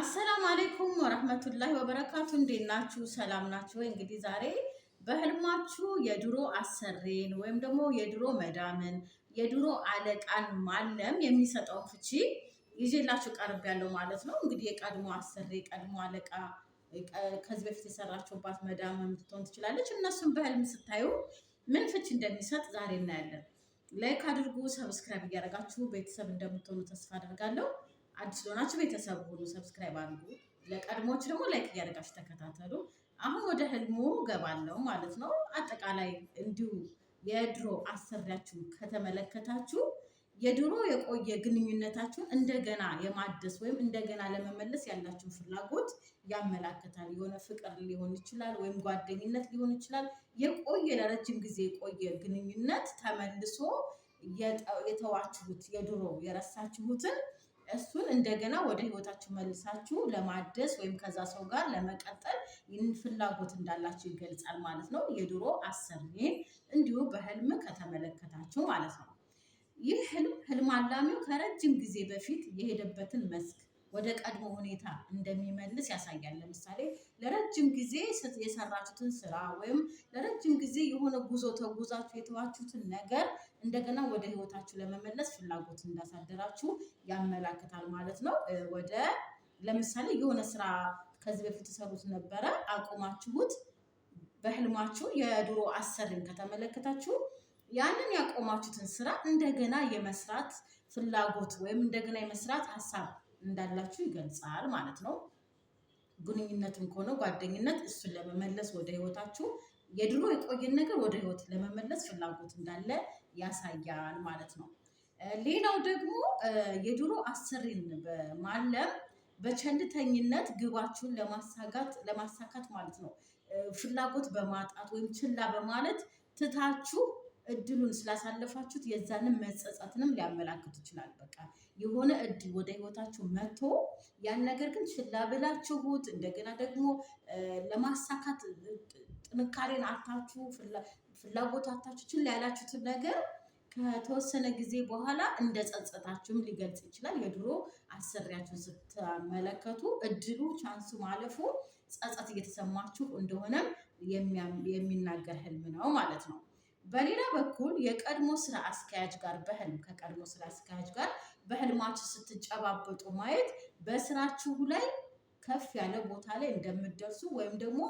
አሰላሙ አሌይኩም ወረህመቱላሂ ወበረካቱ። እንዴት ናችሁ? ሰላም ናችሁ ወይ? እንግዲህ ዛሬ በህልማችሁ የድሮ አሰሪን ወይም ደግሞ የድሮ መዳምን የድሮ አለቃን ማለም የሚሰጠውን ፍቺ ይዤላችሁ ቀርብ ያለው ማለት ነው። እንግዲህ የቀድሞ አሰሪ የቀድሞ አለቃ ከዚህ በፊት የሰራችሁባት መዳም የምትሆን ትችላለች። እነሱን በህልም ስታዩ ምን ፍቺ እንደሚሰጥ ዛሬ እናያለን። ላይክ አድርጉ፣ ሰብስክራይብ እያደረጋችሁ ቤተሰብ እንደምትሆኑ ተስፋ አደርጋለሁ። አዲስ ለሆናችሁ ቤተሰብ ሆኑ ሰብስክራይብ አድርጉ። ለቀድሞች ደግሞ ላይክ እያደረጋችሁ ተከታተሉ። አሁን ወደ ህልሙ ገባለው ማለት ነው። አጠቃላይ እንዲሁ የድሮ አሰሪያችሁ ከተመለከታችሁ የድሮ የቆየ ግንኙነታችሁን እንደገና የማደስ ወይም እንደገና ለመመለስ ያላችሁን ፍላጎት ያመላክታል። የሆነ ፍቅር ሊሆን ይችላል፣ ወይም ጓደኝነት ሊሆን ይችላል። የቆየ ለረጅም ጊዜ የቆየ ግንኙነት ተመልሶ የተዋችሁት የድሮ የረሳችሁትን እሱን እንደገና ወደ ህይወታችሁ መልሳችሁ ለማደስ ወይም ከዛ ሰው ጋር ለመቀጠል ፍላጎት እንዳላችሁ ይገልጻል ማለት ነው። የድሮ አሰሪን እንዲሁ በህልም ከተመለከታችሁ ማለት ነው። ይህ ህልም ህልም አላሚው ከረጅም ጊዜ በፊት የሄደበትን መስክ ወደ ቀድሞ ሁኔታ እንደሚመልስ ያሳያል። ለምሳሌ ለረጅም ጊዜ የሰራችሁትን ስራ ወይም ለረጅም ጊዜ የሆነ ጉዞ ተጉዛችሁ የተዋችሁትን ነገር እንደገና ወደ ህይወታችሁ ለመመለስ ፍላጎት እንዳሳደራችሁ ያመላክታል ማለት ነው። ወደ ለምሳሌ የሆነ ስራ ከዚህ በፊት ትሰሩት ነበረ አቁማችሁት በህልማችሁ የድሮ አሰሪን ከተመለከታችሁ ያንን ያቆማችሁትን ስራ እንደገና የመስራት ፍላጎት ወይም እንደገና የመስራት ሀሳብ እንዳላችሁ ይገልጻል ማለት ነው። ግንኙነትም ከሆነ ጓደኝነት እሱን ለመመለስ ወደ ህይወታችሁ የድሮ የቆየን ነገር ወደ ህይወት ለመመለስ ፍላጎት እንዳለ ያሳያል ማለት ነው። ሌላው ደግሞ የድሮ አሰሪን በማለም በቸልተኝነት ግባችሁን ለማሳጋት ለማሳካት ማለት ነው ፍላጎት በማጣት ወይም ችላ በማለት ትታችሁ እድሉን ስላሳለፋችሁት የዛንም መጸጸትንም ሊያመላክት ይችላል። በቃ የሆነ እድል ወደ ህይወታችሁ መጥቶ ያን ነገር ግን ችላ ብላችሁት እንደገና ደግሞ ለማሳካት ጥንካሬን አታችሁ ፍላጎት አታችሁ ችላ ያላችሁትን ነገር ከተወሰነ ጊዜ በኋላ እንደ ጸጸታችሁም ሊገልጽ ይችላል። የድሮ አሰሪያችሁን ስትመለከቱ እድሉ ቻንሱ ማለፉ ጸጸት እየተሰማችሁ እንደሆነም የሚናገር ህልም ነው ማለት ነው። በሌላ በኩል የቀድሞ ስራ አስኪያጅ ጋር በህልም ከቀድሞ ስራ አስኪያጅ ጋር በህልማችሁ ስትጨባበጡ ማየት በስራችሁ ላይ ከፍ ያለ ቦታ ላይ እንደምትደርሱ ወይም ደግሞ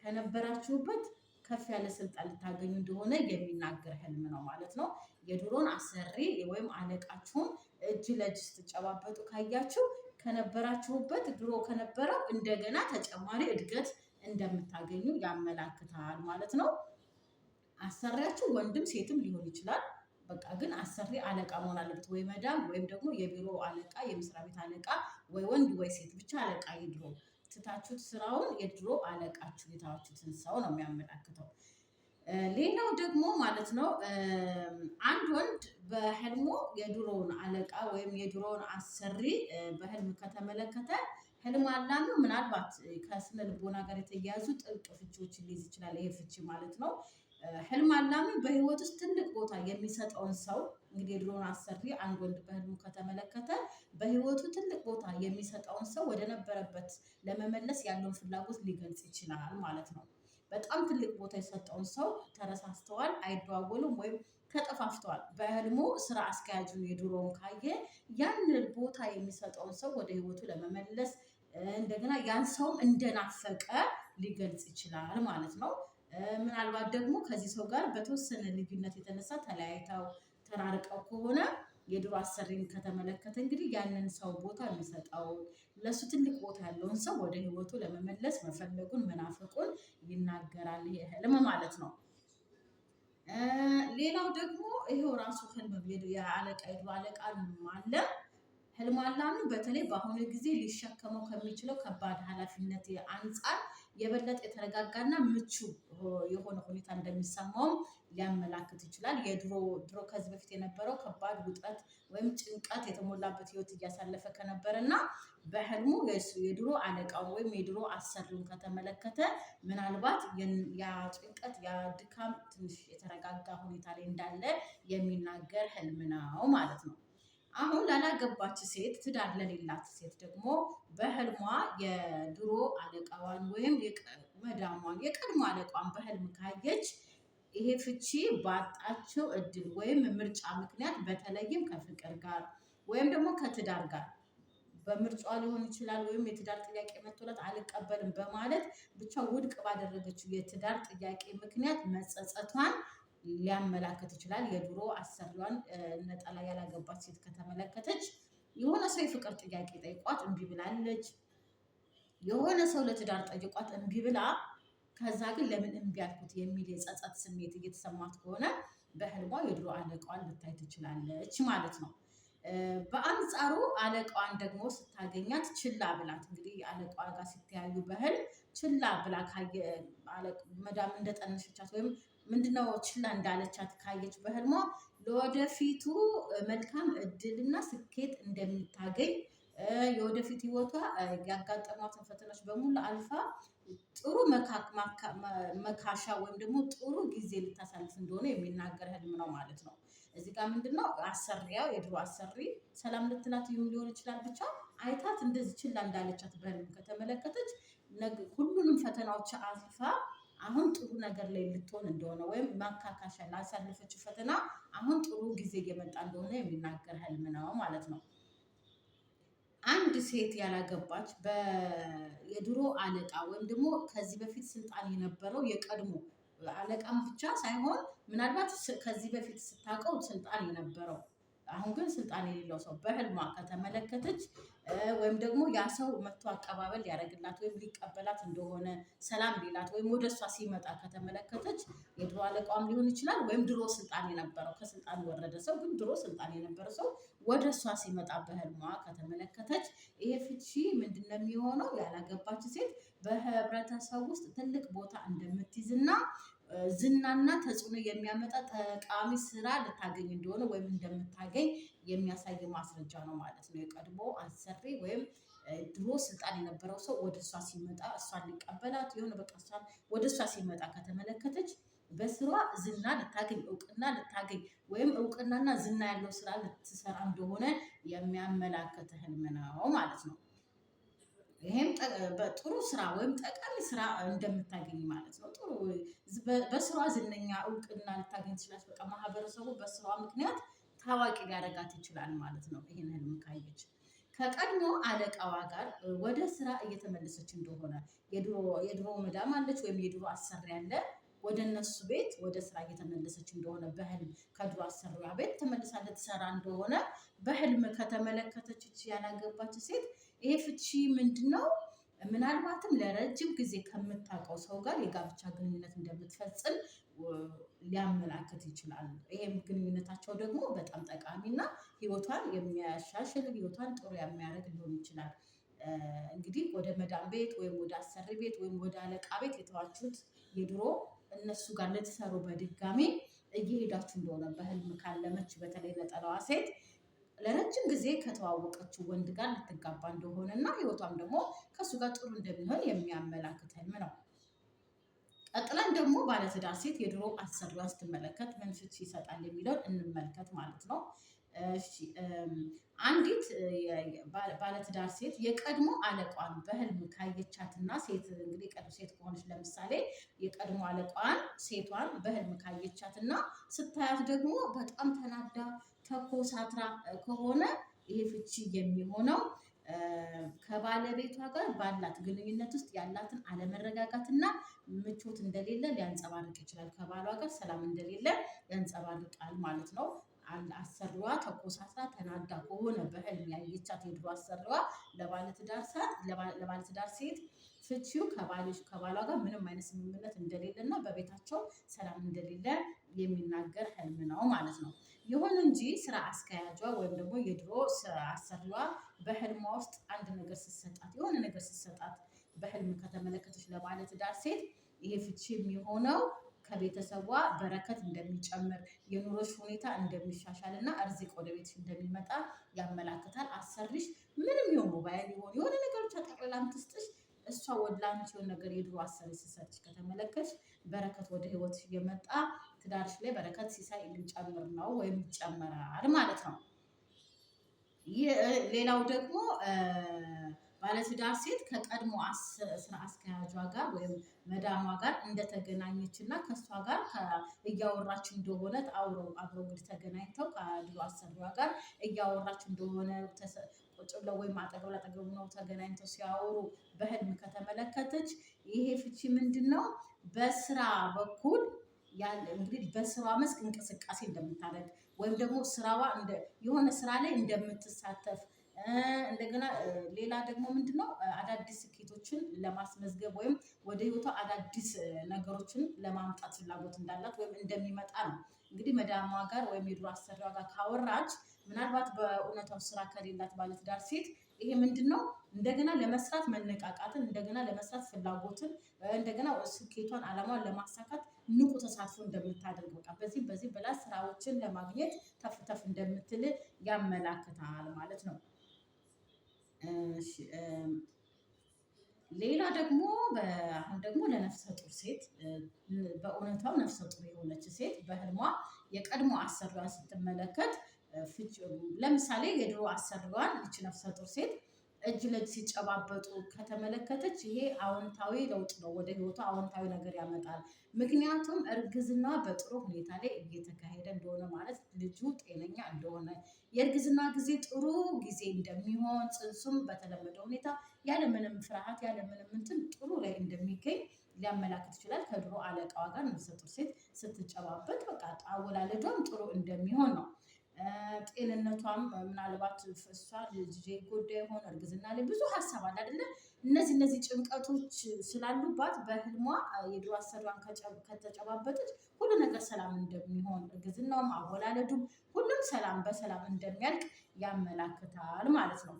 ከነበራችሁበት ከፍ ያለ ስልጣን ልታገኙ እንደሆነ የሚናገር ህልም ነው ማለት ነው። የድሮን አሰሪ ወይም አለቃችሁን እጅ ለእጅ ስትጨባበጡ ካያችሁ ከነበራችሁበት ድሮ ከነበረው እንደገና ተጨማሪ እድገት እንደምታገኙ ያመላክታል ማለት ነው። አሰሪያችሁ ወንድም ሴትም ሊሆን ይችላል። በቃ ግን አሰሪ አለቃ መሆን አለበት። ወይ መዳም ወይም ደግሞ የቢሮ አለቃ፣ የመስሪያ ቤት አለቃ፣ ወይ ወንድ ወይ ሴት ብቻ አለቃ የድሮ ትታችሁት ስራውን የድሮ አለቃችሁ የታችሁትን ሰው ነው የሚያመላክተው። ሌላው ደግሞ ማለት ነው አንድ ወንድ በህልሙ የድሮውን አለቃ ወይም የድሮውን አሰሪ በህልም ከተመለከተ ህልም አላሚው ምናልባት ከስነ ልቦና ጋር የተያያዙ ጥልቅ ፍቺዎችን ሊይዝ ይችላል። ይሄ ፍቺ ማለት ነው ህልም አላሚ በህይወት ውስጥ ትልቅ ቦታ የሚሰጠውን ሰው እንግዲህ የድሮን አሰሪ አንድ ወንድ በህልሙ ከተመለከተ በህይወቱ ትልቅ ቦታ የሚሰጠውን ሰው ወደ ነበረበት ለመመለስ ያለውን ፍላጎት ሊገልጽ ይችላል ማለት ነው። በጣም ትልቅ ቦታ የሰጠውን ሰው ተረሳስተዋል፣ አይደዋወሉም ወይም ተጠፋፍተዋል። በህልሙ ስራ አስኪያጁን የድሮውን ካየ ያንን ቦታ የሚሰጠውን ሰው ወደ ህይወቱ ለመመለስ እንደገና ያን ሰውም እንደናፈቀ ሊገልጽ ይችላል ማለት ነው። ምናልባት ደግሞ ከዚህ ሰው ጋር በተወሰነ ልዩነት የተነሳ ተለያይተው ተራርቀው ከሆነ የድሮ አሰሪን ከተመለከተ እንግዲህ ያንን ሰው ቦታ የሚሰጠው ለእሱ ትልቅ ቦታ ያለውን ሰው ወደ ህይወቱ ለመመለስ መፈለጉን መናፈቁን ይናገራል። ይሄ ህልም ማለት ነው። ሌላው ደግሞ ይሄው ራሱ ህልም የአለቃ የድሮ አለቃ አለ ህልም አላሚው በተለይ በአሁኑ ጊዜ ሊሸከመው ከሚችለው ከባድ ኃላፊነት አንጻር የበለጠ የተረጋጋና ምቹ የሆነ ሁኔታ እንደሚሰማውም ሊያመላክት ይችላል። የድሮ ድሮ ከዚህ በፊት የነበረው ከባድ ውጥረት ወይም ጭንቀት የተሞላበት ህይወት እያሳለፈ ከነበረ እና በህልሙ የድሮ አለቃውን ወይም የድሮ አሰሪውን ከተመለከተ ምናልባት ያ ጭንቀት፣ ያ ድካም ትንሽ የተረጋጋ ሁኔታ ላይ እንዳለ የሚናገር ህልም ነው ማለት ነው። አሁን ላላገባች ሴት ትዳር ለሌላት ሴት ደግሞ በህልሟ የድሮ አለቃዋን ወይም መዳሟን የቀድሞ አለቋን በህልም ካየች ይሄ ፍቺ ባጣቸው እድል ወይም ምርጫ ምክንያት በተለይም ከፍቅር ጋር ወይም ደግሞ ከትዳር ጋር በምርጫዋ ሊሆን ይችላል። ወይም የትዳር ጥያቄ መጥቶላት አልቀበልም በማለት ብቻ ውድቅ ባደረገችው የትዳር ጥያቄ ምክንያት መጸጸቷን ሊያመላክት ይችላል። የድሮ አሰሪዋን ነጠላ ያላገባት ሴት ከተመለከተች የሆነ ሰው የፍቅር ጥያቄ ጠይቋት እምቢ ብላለች። የሆነ ሰው ለትዳር ጠይቋት እምቢ ብላ ከዛ ግን ለምን እምቢ አልኩት የሚል የጸጸት ስሜት እየተሰማት ከሆነ በህልሟ የድሮ አለቃዋን ልታይ ትችላለች ማለት ነው። በአንጻሩ አለቃዋን ደግሞ ስታገኛት ችላ ብላት እንግዲህ አለቃዋ ጋር ሲተያዩ በህል ችላ ብላ ካየ መዳም እንደጠነሸቻት ወይም ምንድነው ችላ እንዳለቻት ካየች በህልሟ ለወደፊቱ መልካም እድልና ስኬት እንደምታገኝ የወደፊት ህይወቷ ያጋጠሟትን ፈተናዎች በሙሉ አልፋ ጥሩ መካሻ ወይም ደግሞ ጥሩ ጊዜ ልታሳልፍ እንደሆነ የሚናገር ህልም ነው ማለት ነው። እዚህ ጋር ምንድነው አሰሪያው የድሮ አሰሪ ሰላም ልትላት ሊሆን ይችላል። ብቻ አይታት እንደዚህ ችላ እንዳለቻት በህልም ከተመለከተች ሁሉንም ፈተናዎች አልፋ አሁን ጥሩ ነገር ላይ ልትሆን እንደሆነ ወይም ማካካሻ ላሳለፈችው ፈተና አሁን ጥሩ ጊዜ እየመጣ እንደሆነ የሚናገር ህልም ነው ማለት ነው። አንድ ሴት ያላገባች የድሮ አለቃ ወይም ደግሞ ከዚህ በፊት ስልጣን የነበረው የቀድሞ አለቃም ብቻ ሳይሆን ምናልባት ከዚህ በፊት ስታውቀው ስልጣን የነበረው አሁን ግን ስልጣን የሌለው ሰው በህልሟ ከተመለከተች ወይም ደግሞ ያ ሰው መጥቶ አቀባበል ሊያደርግላት ወይም ሊቀበላት እንደሆነ ሰላም ሊላት ወይም ወደ እሷ ሲመጣ ከተመለከተች የድሮ አለቃዋም ሊሆን ይችላል፣ ወይም ድሮ ስልጣን የነበረው ከስልጣን የወረደ ሰው ግን ድሮ ስልጣን የነበረ ሰው ወደ እሷ ሲመጣ በህልሟ ከተመለከተች ይሄ ፍቺ ምንድን ነው የሚሆነው? ያላገባች ሴት በህብረተሰብ ውስጥ ትልቅ ቦታ እንደምትይዝና ዝናና ተጽዕኖ የሚያመጣ ጠቃሚ ስራ ልታገኝ እንደሆነ ወይም እንደምታገኝ የሚያሳይ ማስረጃ ነው ማለት ነው። የቀድሞ አሰሪ ወይም ድሮ ስልጣን የነበረው ሰው ወደ እሷ ሲመጣ እሷን ሊቀበላት የሆነ በቃ እሷን ወደ እሷ ሲመጣ ከተመለከተች በስሯ ዝና ልታገኝ እውቅና ልታገኝ ወይም እውቅናና ዝና ያለው ስራ ልትሰራ እንደሆነ የሚያመላክት ህልም ነው ማለት ነው። ይህም በጥሩ ስራ ወይም ጠቃሚ ስራ እንደምታገኝ ማለት ነው። ጥሩ በስራ ዝነኛ እውቅና ልታገኝ ትችላለች። በቃ ማህበረሰቡ በስራ ምክንያት ታዋቂ ሊያደርጋት ይችላል ማለት ነው። ይህን ህልም ካየች ከቀድሞ አለቃዋ ጋር ወደ ስራ እየተመለሰች እንደሆነ የድሮ መዳም አለች ወይም የድሮ አሰሪ ያለ ወደ እነሱ ቤት ወደ ስራ እየተመለሰች እንደሆነ በህልም ከድሮ አሰሪዋ ቤት ተመልሳ ልትሰራ እንደሆነ በህልም ከተመለከተች ያላገባች ሴት ይሄ ፍቺ ምንድን ነው? ምናልባትም ለረጅም ጊዜ ከምታውቀው ሰው ጋር የጋብቻ ግንኙነት እንደምትፈጽም ሊያመላክት ይችላል። ይሄም ግንኙነታቸው ደግሞ በጣም ጠቃሚና ህይወቷን የሚያሻሽል ህይወቷን ጥሩ የሚያደርግ ሊሆን ይችላል። እንግዲህ ወደ መዳም ቤት ወይም ወደ አሰሪ ቤት ወይም ወደ አለቃ ቤት የተዋችሁት የድሮ እነሱ ጋር ልትሰሩ በድጋሚ እየሄዳችሁ እንደሆነ በህልም ካለመች በተለይ ነጠላዋ ሴት ለረጅም ጊዜ ከተዋወቀችው ወንድ ጋር ልትጋባ እንደሆነ እና ህይወቷም ደግሞ ከእሱ ጋር ጥሩ እንደሚሆን የሚያመላክት ህልም ነው። ቀጥለን ደግሞ ባለትዳር ሴት የድሮ አሰሪዋን ስትመለከት ምን ፍቺ ይሰጣል የሚለውን እንመልከት ማለት ነው። አንዲት ባለትዳር ሴት የቀድሞ አለቋን በህልም ካየቻትና ሴት እንግዲህ የቀድሞ ሴት ከሆነች ለምሳሌ የቀድሞ አለቋን ሴቷን በህልም ካየቻትና ስታያት ደግሞ በጣም ተናዳ ተኮሳትራ ከሆነ ይሄ ፍቺ የሚሆነው ከባለቤቷ ጋር ባላት ግንኙነት ውስጥ ያላትን አለመረጋጋትና ምቾት እንደሌለ ሊያንጸባርቅ ይችላል። ከባሏ ጋር ሰላም እንደሌለ ያንጸባርቃል ማለት ነው። አሰሪዋ ተኮሳትራ ተናዳ ከሆነ በህልም ያየቻት የድሮ አሰሪዋ ለባለትዳር ሴት ፍቺው ከባሏ ጋር ምንም አይነት ስምምነት እና በቤታቸው ሰላም እንደሌለ የሚናገር ህልም ነው ማለት ነው። ይሁን እንጂ ስራ አስኪያጇ ወይም ደግሞ የድሮ ስራ አሰሪዋ በህልሟ ውስጥ አንድ ነገር ስትሰጣት የሆነ ነገር ስትሰጣት በህልም ከተመለከተች ለባለትዳር ሴት ይሄ ፍቺ የሚሆነው ከቤተሰቧ በረከት እንደሚጨምር የኑሮች ሁኔታ እንደሚሻሻል እና እርዚቅ ወደ ቤትሽ እንደሚመጣ ያመላክታል። አሰሪሽ ምንም ይሁን ሞባይል ይሁን የሆነ ነገሮች አጠቅልላ ምትስጥ እሷ ወደ አንቺ የሆነ ነገር የድሮ አሰሪ ሲሰርች ከተመለከች በረከት ወደ ህይወት የመጣ ትዳርሽ ላይ በረከት ሲሳይ ሊጨምር ነው ወይም ይጨመራል ማለት ነው። ሌላው ደግሞ ባለትዳር ሴት ከቀድሞ ስራ አስኪያጇ ጋር ወይም መዳሟ ጋር እንደተገናኘች እና ከእሷ ጋር እያወራች እንደሆነ አብረው እንግዲህ ተገናኝተው ከድሮ አሰሪዋ ጋር እያወራች እንደሆነ ቁጭ ብለው ወይም አጠገብ ላጠገብ ነው ተገናኝተው ሲያወሩ በህልም ከተመለከተች ይሄ ፍቺ ምንድን ነው? በስራ በኩል እንግዲህ በስራ መስክ እንቅስቃሴ እንደምታደርግ ወይም ደግሞ ስራዋ የሆነ ስራ ላይ እንደምትሳተፍ እንደገና ሌላ ደግሞ ምንድነው አዳዲስ ስኬቶችን ለማስመዝገብ ወይም ወደ ህይወቷ አዳዲስ ነገሮችን ለማምጣት ፍላጎት እንዳላት ወይም እንደሚመጣ ነው። እንግዲህ መዳሟ ጋር ወይም የዱር አሰሪዋ ጋር ካወራች ምናልባት በእውነታው ስራ ከሌላት ባለትዳር ሴት ይሄ ምንድን ነው እንደገና ለመስራት መነቃቃትን፣ እንደገና ለመስራት ፍላጎትን፣ እንደገና ስኬቷን አላማዋን ለማሳካት ንቁ ተሳትፎ እንደምታደርግ በቃ በዚህ በዚህ ብላ ስራዎችን ለማግኘት ተፍተፍ እንደምትል ያመላክታል ማለት ነው። ሌላ ደግሞ አሁን ደግሞ ለነፍሰ ጡር ሴት በእውነታው ነፍሰ ጡር የሆነች ሴት በህልሟ የቀድሞ አሰሪዋን ስትመለከት ለምሳሌ የድሮ አሰሪዋን እች ነፍሰ ጡር ሴት እጅ ለእጅ ሲጨባበጡ ከተመለከተች ይሄ አዎንታዊ ለውጥ ነው፣ ወደ ህይወቷ አዎንታዊ ነገር ያመጣል። ምክንያቱም እርግዝና በጥሩ ሁኔታ ላይ እየተካሄደ እንደሆነ ማለት ልጁ ጤነኛ እንደሆነ የእርግዝና ጊዜ ጥሩ ጊዜ እንደሚሆን ጽንሱም በተለመደ ሁኔታ ያለምንም ፍርሃት ያለምንም እንትን ጥሩ ላይ እንደሚገኝ ሊያመላክት ይችላል። ከድሮ አለቃዋ ጋር ነፍሰ ጡር ሴት ስትጨባበጥ በቃ አወላለዷም ጥሩ እንደሚሆን ነው። ጤንነቷም ምናልባት ፈሷ ልጅ ጎዳ የሆነ እርግዝና ላይ ብዙ ሀሳብ አለ አይደለ? እነዚህ እነዚህ ጭንቀቶች ስላሉባት በህልሟ የድሮ አሰሯን ከተጨባበጠች ሁሉ ነገር ሰላም እንደሚሆን እርግዝናውም፣ አወላለዱም ሁሉም ሰላም በሰላም እንደሚያልቅ ያመላክታል ማለት ነው።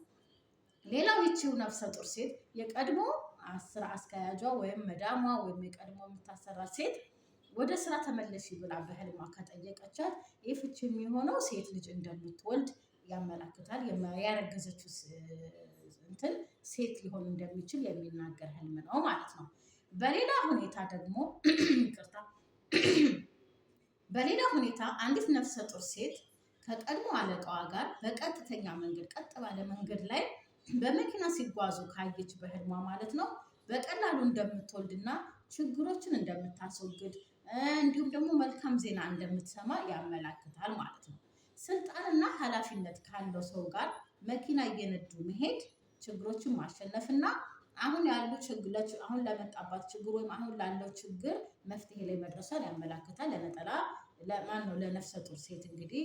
ሌላው ይቺው ነፍሰ ጡር ሴት የቀድሞ አስከያጇ አስኪያጇ ወይም መዳሟ ወይም የቀድሞ የምታሰራ ሴት ወደ ስራ ተመለሽ ብላ በህልማ ከጠየቀቻት ይህ ፍቺ የሚሆነው ሴት ልጅ እንደምትወልድ ያመላክታል። ያረገዘችው እንትን ሴት ሊሆን እንደሚችል የሚናገር ህልም ነው ማለት ነው። በሌላ ሁኔታ ደግሞ ይቅርታ፣ በሌላ ሁኔታ አንዲት ነፍሰ ጡር ሴት ከቀድሞ አለቃዋ ጋር በቀጥተኛ መንገድ ቀጥ ባለ መንገድ ላይ በመኪና ሲጓዙ ካየች በህልሟ ማለት ነው በቀላሉ እንደምትወልድና ችግሮችን እንደምታስወግድ እንዲሁም ደግሞ መልካም ዜና እንደምትሰማ ያመላክታል ማለት ነው። ስልጣንና ኃላፊነት ካለው ሰው ጋር መኪና እየነዱ መሄድ ችግሮችን ማሸነፍና አሁን ያሉ አሁን ለመጣባት ችግር ወይም አሁን ላለው ችግር መፍትሄ ላይ መድረሷን ያመላክታል። ለነጠላ ለማን ነው ለነፍሰ ጡር ሴት እንግዲህ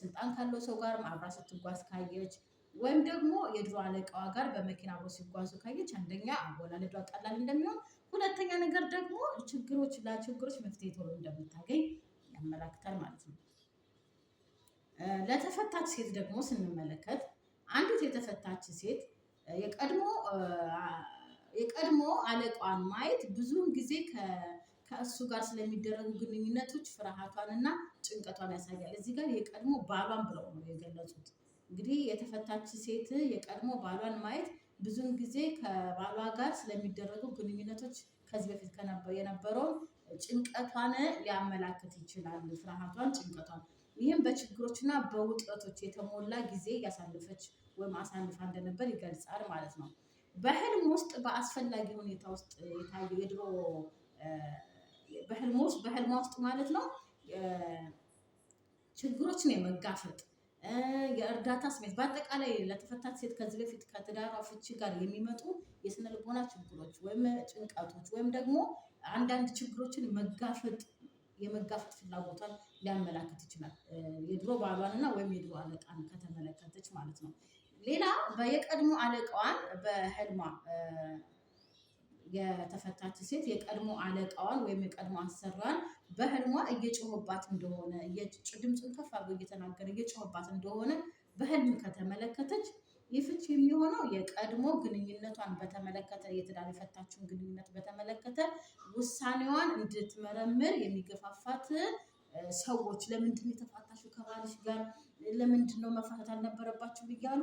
ስልጣን ካለው ሰው ጋር አብራ ስትጓዝ ካየች ወይም ደግሞ የድሮ አለቃዋ ጋር በመኪና አብሮ ሲጓዙ ካየች አንደኛ አወላለዷ ቀላል እንደሚሆን ሁለተኛ ነገር ደግሞ ችግሮች ለችግሮች መፍትሄ ቶሎ እንደምታገኝ ያመላክታል ማለት ነው። ለተፈታች ሴት ደግሞ ስንመለከት አንዲት የተፈታች ሴት የቀድሞ የቀድሞ አለቋን ማየት ብዙውን ጊዜ ከእሱ ጋር ስለሚደረጉ ግንኙነቶች ፍርሃቷን እና ጭንቀቷን ያሳያል። እዚህ ጋር የቀድሞ ባሏን ብለው ነው የገለጹት። እንግዲህ የተፈታች ሴት የቀድሞ ባሏን ማየት ብዙን ጊዜ ከባሏ ጋር ስለሚደረጉ ግንኙነቶች ከዚህ በፊት የነበረውን ጭንቀቷን ሊያመላክት ይችላል። ፍርሃቷን፣ ጭንቀቷን ይህም በችግሮችና በውጥረቶች የተሞላ ጊዜ ያሳለፈች ወይም አሳልፋ እንደነበር ይገልጻል ማለት ነው። በህልም ውስጥ በአስፈላጊ ሁኔታ ውስጥ የታየ የድሮ በህልም ውስጥ በህልማ ውስጥ ማለት ነው ችግሮችን የመጋፈጥ የእርዳታ ስሜት በአጠቃላይ ለተፈታች ሴት ከዚህ በፊት ከትዳሯ ፍቺ ጋር የሚመጡ የስነ ልቦና ችግሮች ወይም ጭንቀቶች ወይም ደግሞ አንዳንድ ችግሮችን መጋፈጥ የመጋፈጥ ፍላጎቷን ሊያመላክት ይችላል። የድሮ ባሏንና ወይም የድሮ አለቃን ከተመለከተች ማለት ነው። ሌላ የቀድሞ አለቃዋን በህልሟ የተፈታች ሴት የቀድሞ አለቃዋን ወይም የቀድሞ አሰራን በህልሟ እየጮህባት እንደሆነ ድምፁን ከፍ አድርጎ እየተናገረ እየጮህባት እንደሆነ በህልም ከተመለከተች ይህ ፍቺ የሚሆነው የቀድሞ ግንኙነቷን በተመለከተ የትዳር የፈታችውን ግንኙነት በተመለከተ ውሳኔዋን እንድትመረምር የሚገፋፋት ሰዎች ለምንድን ነው የተፋታሽው ከባልሽ ጋር ለምንድን ነው መፋታት አልነበረባችሁም እያሉ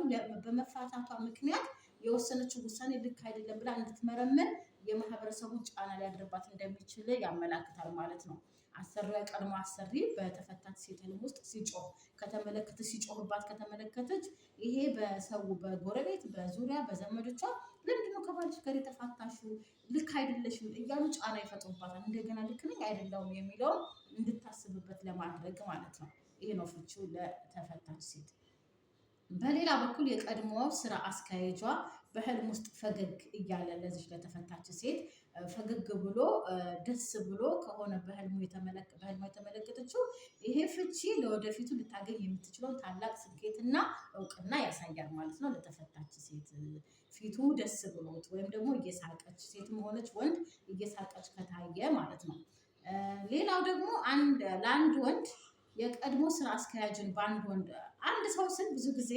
በመፋታቷ ምክንያት የወሰነችው ውሳኔ ልክ አይደለም ብላ እንድትመረምር የማህበረሰቡ ጫና ሊያድርባት እንደሚችል ያመላክታል ማለት ነው። አሰሪ ቀድሞ አሰሪ በተፈታት ሴት ህልም ውስጥ ሲጮህ ከተመለከተ ሲጮህባት ከተመለከተች ይሄ በሰው በጎረቤት በዙሪያ በዘመዶቿ ለምንድነው ከባልሽ ጋር የተፋታሹ ልክ አይደለሽም እያሉ ጫና ይፈጥሩባታል። እንደገና ልክ ነኝ አይደለውም የሚለውን እንድታስብበት ለማድረግ ማለት ነው። ይሄ ነው ፍቺው ለተፈታች ሴት። በሌላ በኩል የቀድሞ ስራ አስኪያጇ በህልም ውስጥ ፈገግ እያለ ለዚች ለተፈታች ሴት ፈገግ ብሎ ደስ ብሎ ከሆነ በህልሙ የተመለከተችው ይሄ ፍቺ ለወደፊቱ ልታገኝ የምትችለውን ታላቅ ስኬት እና እውቅና ያሳያል ማለት ነው። ለተፈታች ሴት ፊቱ ደስ ብሎት ወይም ደግሞ እየሳቀች ሴትም ሆነች ወንድ እየሳቀች ከታየ ማለት ነው። ሌላው ደግሞ አንድ ለአንድ ወንድ የቀድሞ ስራ አስኪያጅን በአንድ ወንድ አንድ ሰው ስል ብዙ ጊዜ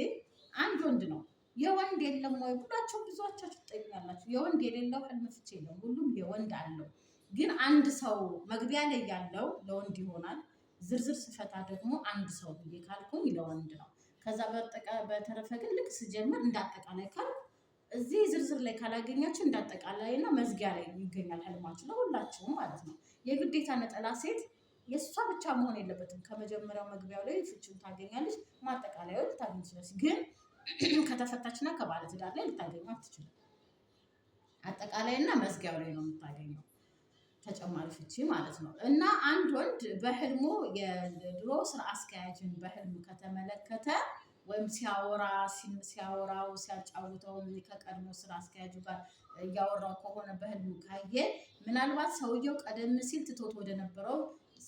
አንድ ወንድ ነው የወንድ የለም ወይ ሁላችሁም ብዙዎቻችሁ ትጠይቃላችሁ። የወንድ የሌለው ህልም ፍቺ የለም፣ ሁሉም የወንድ አለው። ግን አንድ ሰው መግቢያ ላይ ያለው ለወንድ ይሆናል። ዝርዝር ስፈታ ደግሞ አንድ ሰው ብዬ ካልኩኝ ለወንድ ነው። ከዛ በተረፈ ግን ልክ ስጀምር እንዳጠቃላይ ካል እዚህ ዝርዝር ላይ ካላገኛችሁ እንዳጠቃላይ እና መዝጊያ ላይ ይገኛል ህልማችሁ ለሁላችሁም ማለት ነው። የግዴታ ነጠላ ሴት የእሷ ብቻ መሆን የለበትም። ከመጀመሪያው መግቢያው ላይ ፍቺውን ታገኛለች፣ ማጠቃለያው ልታገኝ ግን ከተፈታችና እና ከባለ ላይ ልታገኘው አትችልም። አጠቃላይ እና መዝጊያው ላይ ነው የምታገኘው ተጨማሪ ፍቺ ማለት ነው። እና አንድ ወንድ በህልሙ የድሮ ስራ አስኪያጅን በህልም ከተመለከተ ወይም ሲያወራ ሲያወራው ሲያጫውተው ከቀድሞ ስራ አስኪያጁ ጋር እያወራው ከሆነ በህልሙ ካየ ምናልባት ሰውየው ቀደም ሲል ትቶት ወደነበረው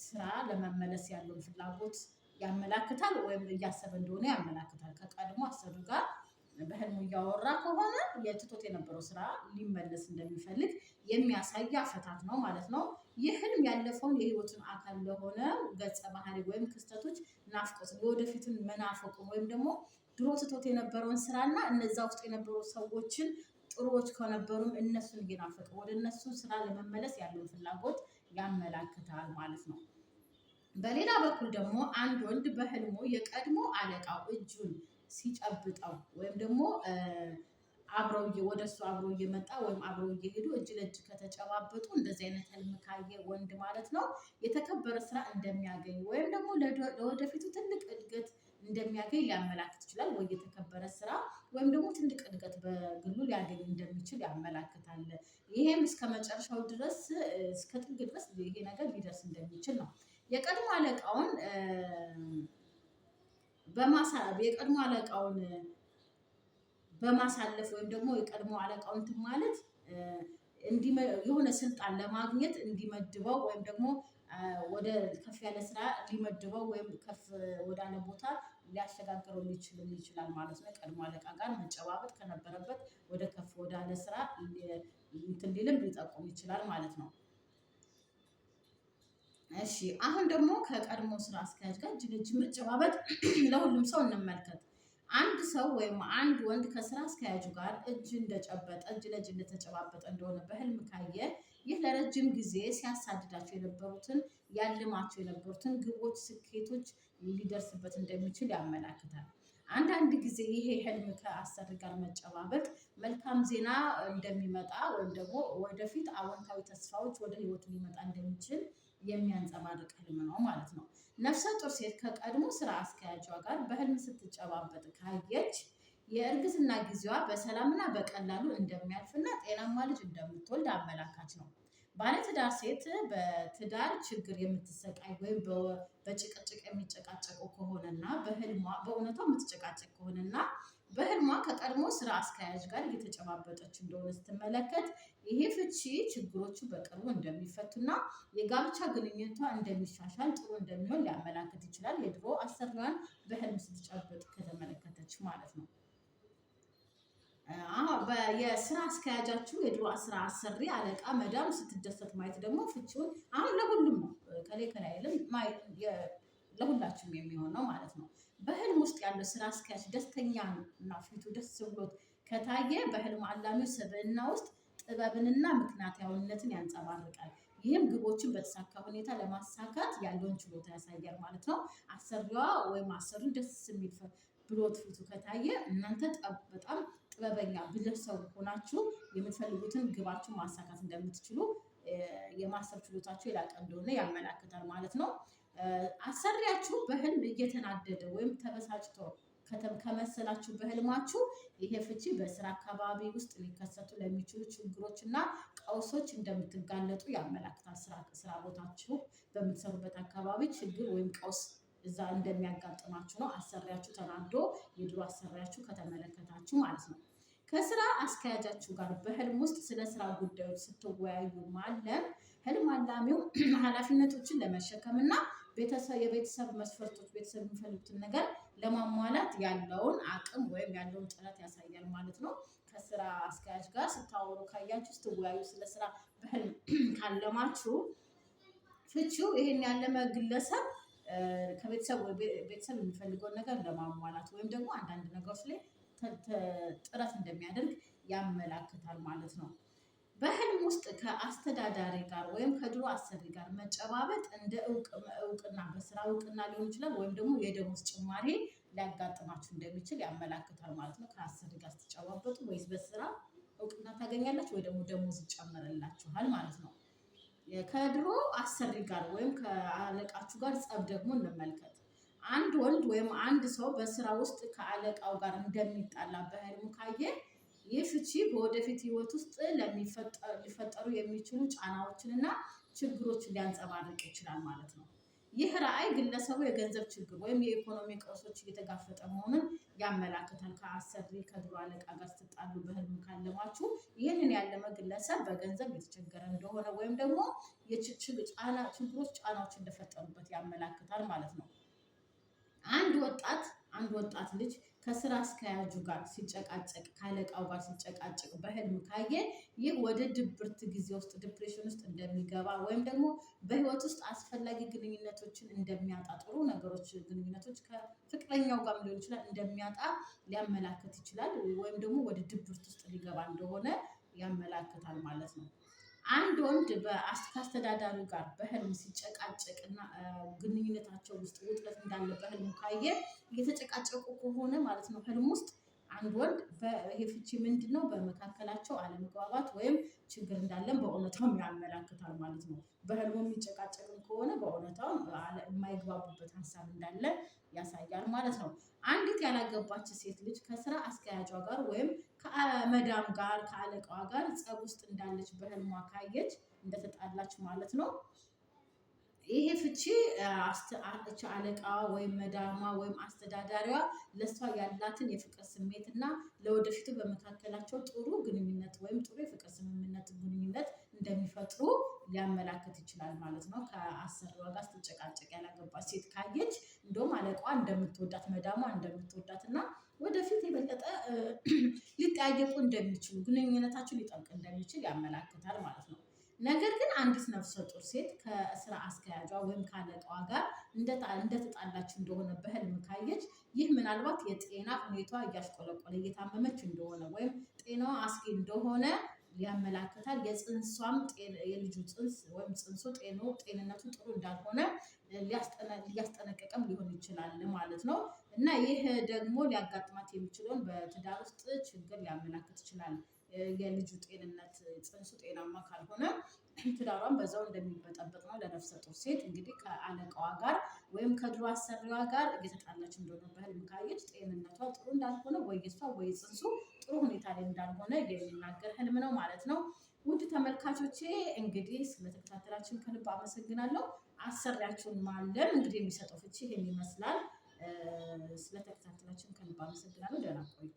ስራ ለመመለስ ያለውን ፍላጎት ያመላክታል ወይም እያሰበ እንደሆነ ያመላክታል። ከቀድሞ አሰቡ ጋር በህልሙ እያወራ ከሆነ የትቶት የነበረው ስራ ሊመለስ እንደሚፈልግ የሚያሳይ አፈታት ነው ማለት ነው። ይህ ህልም ያለፈውን የህይወትን አካል ለሆነ ገጸ ባህሪ ወይም ክስተቶች ናፍቆት፣ የወደፊትን መናፈቁን ወይም ደግሞ ድሮ ትቶት የነበረውን ስራና እነዛ ውስጥ የነበሩ ሰዎችን ጥሩዎች ከነበሩም እነሱን እየናፈቀ ወደ እነሱ ስራ ለመመለስ ያለውን ፍላጎት ያመላክታል ማለት ነው። በሌላ በኩል ደግሞ አንድ ወንድ በህልሙ የቀድሞ አለቃው እጁን ሲጨብጠው ወይም ደግሞ አብረው ወደ እሱ አብረው እየመጣ ወይም አብረው እየሄዱ እጅ ለእጅ ከተጨባበጡ እንደዚህ አይነት ህልም ካየ ወንድ ማለት ነው የተከበረ ስራ እንደሚያገኝ ወይም ደግሞ ለወደፊቱ ትልቅ እድገት እንደሚያገኝ ሊያመላክት ይችላል። ወይ የተከበረ ስራ ወይም ደግሞ ትልቅ እድገት በግሉ ሊያገኝ እንደሚችል ያመላክታል። ይሄም እስከ መጨረሻው ድረስ እስከ ጥግ ድረስ ይሄ ነገር ሊደርስ እንደሚችል ነው የቀድሞ አለቃውን በማሳለፍ የቀድሞ አለቃውን በማሳለፍ ወይም ደግሞ የቀድሞ አለቃውን እንትን ማለት የሆነ ስልጣን ለማግኘት እንዲመድበው ወይም ደግሞ ወደ ከፍ ያለ ስራ ሊመድበው ወይም ከፍ ወዳለ ቦታ ሊያሸጋግረው ሊችልም ይችላል ማለት ነው። ቀድሞ አለቃ ጋር መጨባበጥ ከነበረበት ወደ ከፍ ወዳለ ስራ እንትን ሊልም ሊጠቁም ይችላል ማለት ነው። እሺ አሁን ደግሞ ከቀድሞ ስራ አስኪያጅ ጋር እጅ ለእጅ መጨባበጥ ለሁሉም ሰው እንመልከት። አንድ ሰው ወይም አንድ ወንድ ከስራ አስኪያጁ ጋር እጅ እንደጨበጠ እጅ ለእጅ እንደተጨባበጠ እንደሆነ በህልም ካየ ይህ ለረጅም ጊዜ ሲያሳድዳቸው የነበሩትን ያልማቸው የነበሩትን ግቦች፣ ስኬቶች ሊደርስበት እንደሚችል ያመላክታል። አንዳንድ ጊዜ ይሄ ህልም ከአሰሪ ጋር መጨባበጥ መልካም ዜና እንደሚመጣ ወይም ደግሞ ወደፊት አዎንታዊ ተስፋዎች ወደ ህይወቱ ሊመጣ እንደሚችል የሚያንጸባርቅ ህልም ነው ማለት ነው። ነፍሰ ጡር ሴት ከቀድሞ ስራ አስኪያጇ ጋር በህልም ስትጨባበጥ ካየች የእርግዝና ጊዜዋ በሰላምና በቀላሉ እንደሚያልፍና ጤናማ ልጅ እንደምትወልድ አመላካች ነው። ባለትዳር ሴት በትዳር ችግር የምትሰቃይ ወይም በጭቅጭቅ የሚጨቃጨቁ ከሆነና በህልሟ በእውነቷ የምትጨቃጨቅ ከሆነና በህልሟ ከቀድሞ ስራ አስኪያጅ ጋር እየተጨባበጠች እንደሆነ ስትመለከት ይሄ ፍቺ ችግሮቹ በቅርቡ እንደሚፈቱና የጋብቻ ግንኙነቷ እንደሚሻሻል ጥሩ እንደሚሆን ሊያመላክት ይችላል። የድሮ አሰሪዋን በህልም ስትጨብጥ ከተመለከተች ማለት ነው። የስራ አስኪያጃችሁ የድሮ ስራ አሰሪ አለቃ መዳም ስትደሰት ማየት ደግሞ ፍቺውን አሁን ለሁሉም ነው ከላይ ለሁላችሁም የሚሆን ነው ማለት ነው። በህልም ውስጥ ያለ ስራ አስኪያጅ ደስተኛ እና ፊቱ ደስ ብሎት ከታየ በህልም አላሚው ስብዕና ውስጥ ጥበብንና ምክንያታዊነትን ያንጸባርቃል። ይህም ግቦችን በተሳካ ሁኔታ ለማሳካት ያለውን ችሎታ ያሳያል ማለት ነው። አሰሪዋ ወይም አሰሪ ደስ የሚል ብሎት ፊቱ ከታየ እናንተ በጣም ጥበበኛ ብልህ ሰው ሆናችሁ የምትፈልጉትን ግባችሁ ማሳካት እንደምትችሉ የማሰብ ችሎታችሁ የላቀ እንደሆነ ያመላክታል ማለት ነው። አሰሪያችሁ በህልም እየተናደደ ወይም ተበሳጭቶ ከመሰላችሁ በህልማችሁ ይሄ ፍቺ በስራ አካባቢ ውስጥ ሊከሰቱ ለሚችሉ ችግሮች እና ቀውሶች እንደምትጋለጡ ያመላክታል። ስራ ቦታችሁ በምትሰሩበት አካባቢ ችግር ወይም ቀውስ እዛ እንደሚያጋጥማችሁ ነው። አሰሪያችሁ ተናዶ የድሮ አሰሪያችሁ ከተመለከታችሁ ማለት ነው። ከስራ አስኪያጃችሁ ጋር በህልም ውስጥ ስለ ስራ ጉዳዮች ስትወያዩ ማለም ህልም አላሚው ኃላፊነቶችን ለመሸከምና የቤተሰብ መስፈርቶች ቤተሰብ የሚፈልጉትን ነገር ለማሟላት ያለውን አቅም ወይም ያለውን ጥረት ያሳያል ማለት ነው። ከስራ አስኪያጅ ጋር ስታወሩ ካያችሁ፣ ስትወያዩ ስለ ስራ በህልም ካለማችሁ ፍቺው ይሄን ያለመ ግለሰብ ከቤተሰብ ቤተሰብ የሚፈልገውን ነገር ለማሟላት ወይም ደግሞ አንዳንድ ነገሮች ላይ ጥረት እንደሚያደርግ ያመላክታል ማለት ነው። በህልም ውስጥ ከአስተዳዳሪ ጋር ወይም ከድሮ አሰሪ ጋር መጨባበጥ እንደ እውቅና በስራ እውቅና ሊሆን ይችላል፣ ወይም ደግሞ የደሞዝ ጭማሪ ሊያጋጥማችሁ እንደሚችል ያመላክታል ማለት ነው። ከአሰሪ ጋር ስትጨባበጡ ወይስ በስራ እውቅና ታገኛላችሁ ወይ ደግሞ ደሞዝ ይጨመርላችኋል ማለት ነው። ከድሮ አሰሪ ጋር ወይም ከአለቃችሁ ጋር ጸብ ደግሞ እንመልከት። አንድ ወንድ ወይም አንድ ሰው በስራ ውስጥ ከአለቃው ጋር እንደሚጣላ በህልሙ ካየ ይህ ፍቺ በወደፊት ህይወት ውስጥ ሊፈጠሩ የሚችሉ ጫናዎችን ጫናዎችንና ችግሮችን ሊያንጸባርቅ ይችላል ማለት ነው። ይህ ራዕይ ግለሰቡ የገንዘብ ችግር ወይም የኢኮኖሚ ቀውሶች እየተጋፈጠ መሆኑን ያመላክታል። ከአሰሪ ከድሮ አለቃ ጋር ስትጣሉ በህልም ካለማችሁ ይህንን ያለመ ግለሰብ በገንዘብ የተቸገረ እንደሆነ ወይም ደግሞ ችግሮች ጫናዎች እንደፈጠሩበት ያመላክታል ማለት ነው። አንድ ወጣት አንድ ወጣት ልጅ ከስራ አስኪያጁ ጋር ሲጨቃጨቅ ካለቃው ጋር ሲጨቃጨቅ በህልም ካየ ይህ ወደ ድብርት ጊዜ ውስጥ ዲፕሬሽን ውስጥ እንደሚገባ ወይም ደግሞ በህይወት ውስጥ አስፈላጊ ግንኙነቶችን ጥሩ ነገሮች ግንኙነቶች ከፍቅረኛው ጋር ሊሆን ይችላል እንደሚያጣ ሊያመላክት ይችላል። ወይም ደግሞ ወደ ድብርት ውስጥ ሊገባ እንደሆነ ያመላክታል ማለት ነው አንድ ወንድ ከአስተዳዳሪው ጋር በህልም ሲጨቃጨቅና ግንኙነታቸው ውስጥ ውጥረት እንዳለ በህልሙ ካየ እየተጨቃጨቁ ከሆነ ማለት ነው ህልም ውስጥ አንድ ወንድ ይሄ ፍቺ ምንድን ነው? በመካከላቸው አለመግባባት ወይም ችግር እንዳለን በእውነታው ያመላክታል ማለት ነው። በህልሙ የሚጨቃጨቅም ከሆነ በእውነታው የማይግባቡበት ሀሳብ እንዳለ ያሳያል ማለት ነው። አንዲት ያላገባች ሴት ልጅ ከስራ አስኪያጇ ጋር ወይም ከመዳም ጋር ከአለቃዋ ጋር ጸብ ውስጥ እንዳለች በህልሟ ካየች እንደተጣላች ማለት ነው ይሄ ፍቺ አለቃ ወይም መዳሟ ወይም አስተዳዳሪዋ ለሷ ያላትን የፍቅር ስሜት እና ለወደፊቱ በመካከላቸው ጥሩ ግንኙነት ወይም ጥሩ የፍቅር ስምምነት ግንኙነት እንደሚፈጥሩ ሊያመላክት ይችላል ማለት ነው። ከአሰሪዋ ጋር ስትጨቃጨቅ ያላገባች ሴት ካየች እንደውም አለቋ እንደምትወዳት መዳሟ እንደምትወዳት እና ወደፊት የበለጠ ሊጠያየቁ እንደሚችሉ ግንኙነታቸው ሊጠብቅ እንደሚችል ያመላክታል ማለት ነው። ነገር ግን አንዲት ነፍሰ ጡር ሴት ከስራ አስኪያጇ ወይም ካለቃዋ ጋር እንደተጣላች እንደሆነ በህልም ካየች ይህ ምናልባት የጤና ሁኔታ እያሽቆለቆለ እየታመመች እንደሆነ ወይም ጤናዋ አስጊ እንደሆነ ያመላክታል። የፅንሷም የልጁ ፅንስ ወይም ፅንሱ ጤኖ ጤንነቱ ጥሩ እንዳልሆነ ሊያስጠነቀቀም ሊሆን ይችላል ማለት ነው እና ይህ ደግሞ ሊያጋጥማት የሚችለውን በትዳር ውስጥ ችግር ሊያመላክት ይችላል። የልጁ ጤንነት ጽንሱ ጤናማ ካልሆነ ትዳሯን በዛው እንደሚበጠበጥ ነው። ለነፍሰ ጡር ሴት እንግዲህ ከአለቃዋ ጋር ወይም ከድሮ አሰሪዋ ጋር እየተጣላች እንደሆነ በህልም ካየች ጤንነቷ ጥሩ እንዳልሆነ ወይ እሷ ወይ ጽንሱ ጥሩ ሁኔታ ላይ እንዳልሆነ የሚናገር ህልም ነው ማለት ነው። ውድ ተመልካቾቼ እንግዲህ ስለተከታተላችን ከልብ አመሰግናለሁ። አሰሪያችሁን ማለም እንግዲህ የሚሰጠው ፍቺ ይህን ይመስላል። ስለተከታተላችን ከልብ አመሰግናለሁ። ደህና ቆዩ።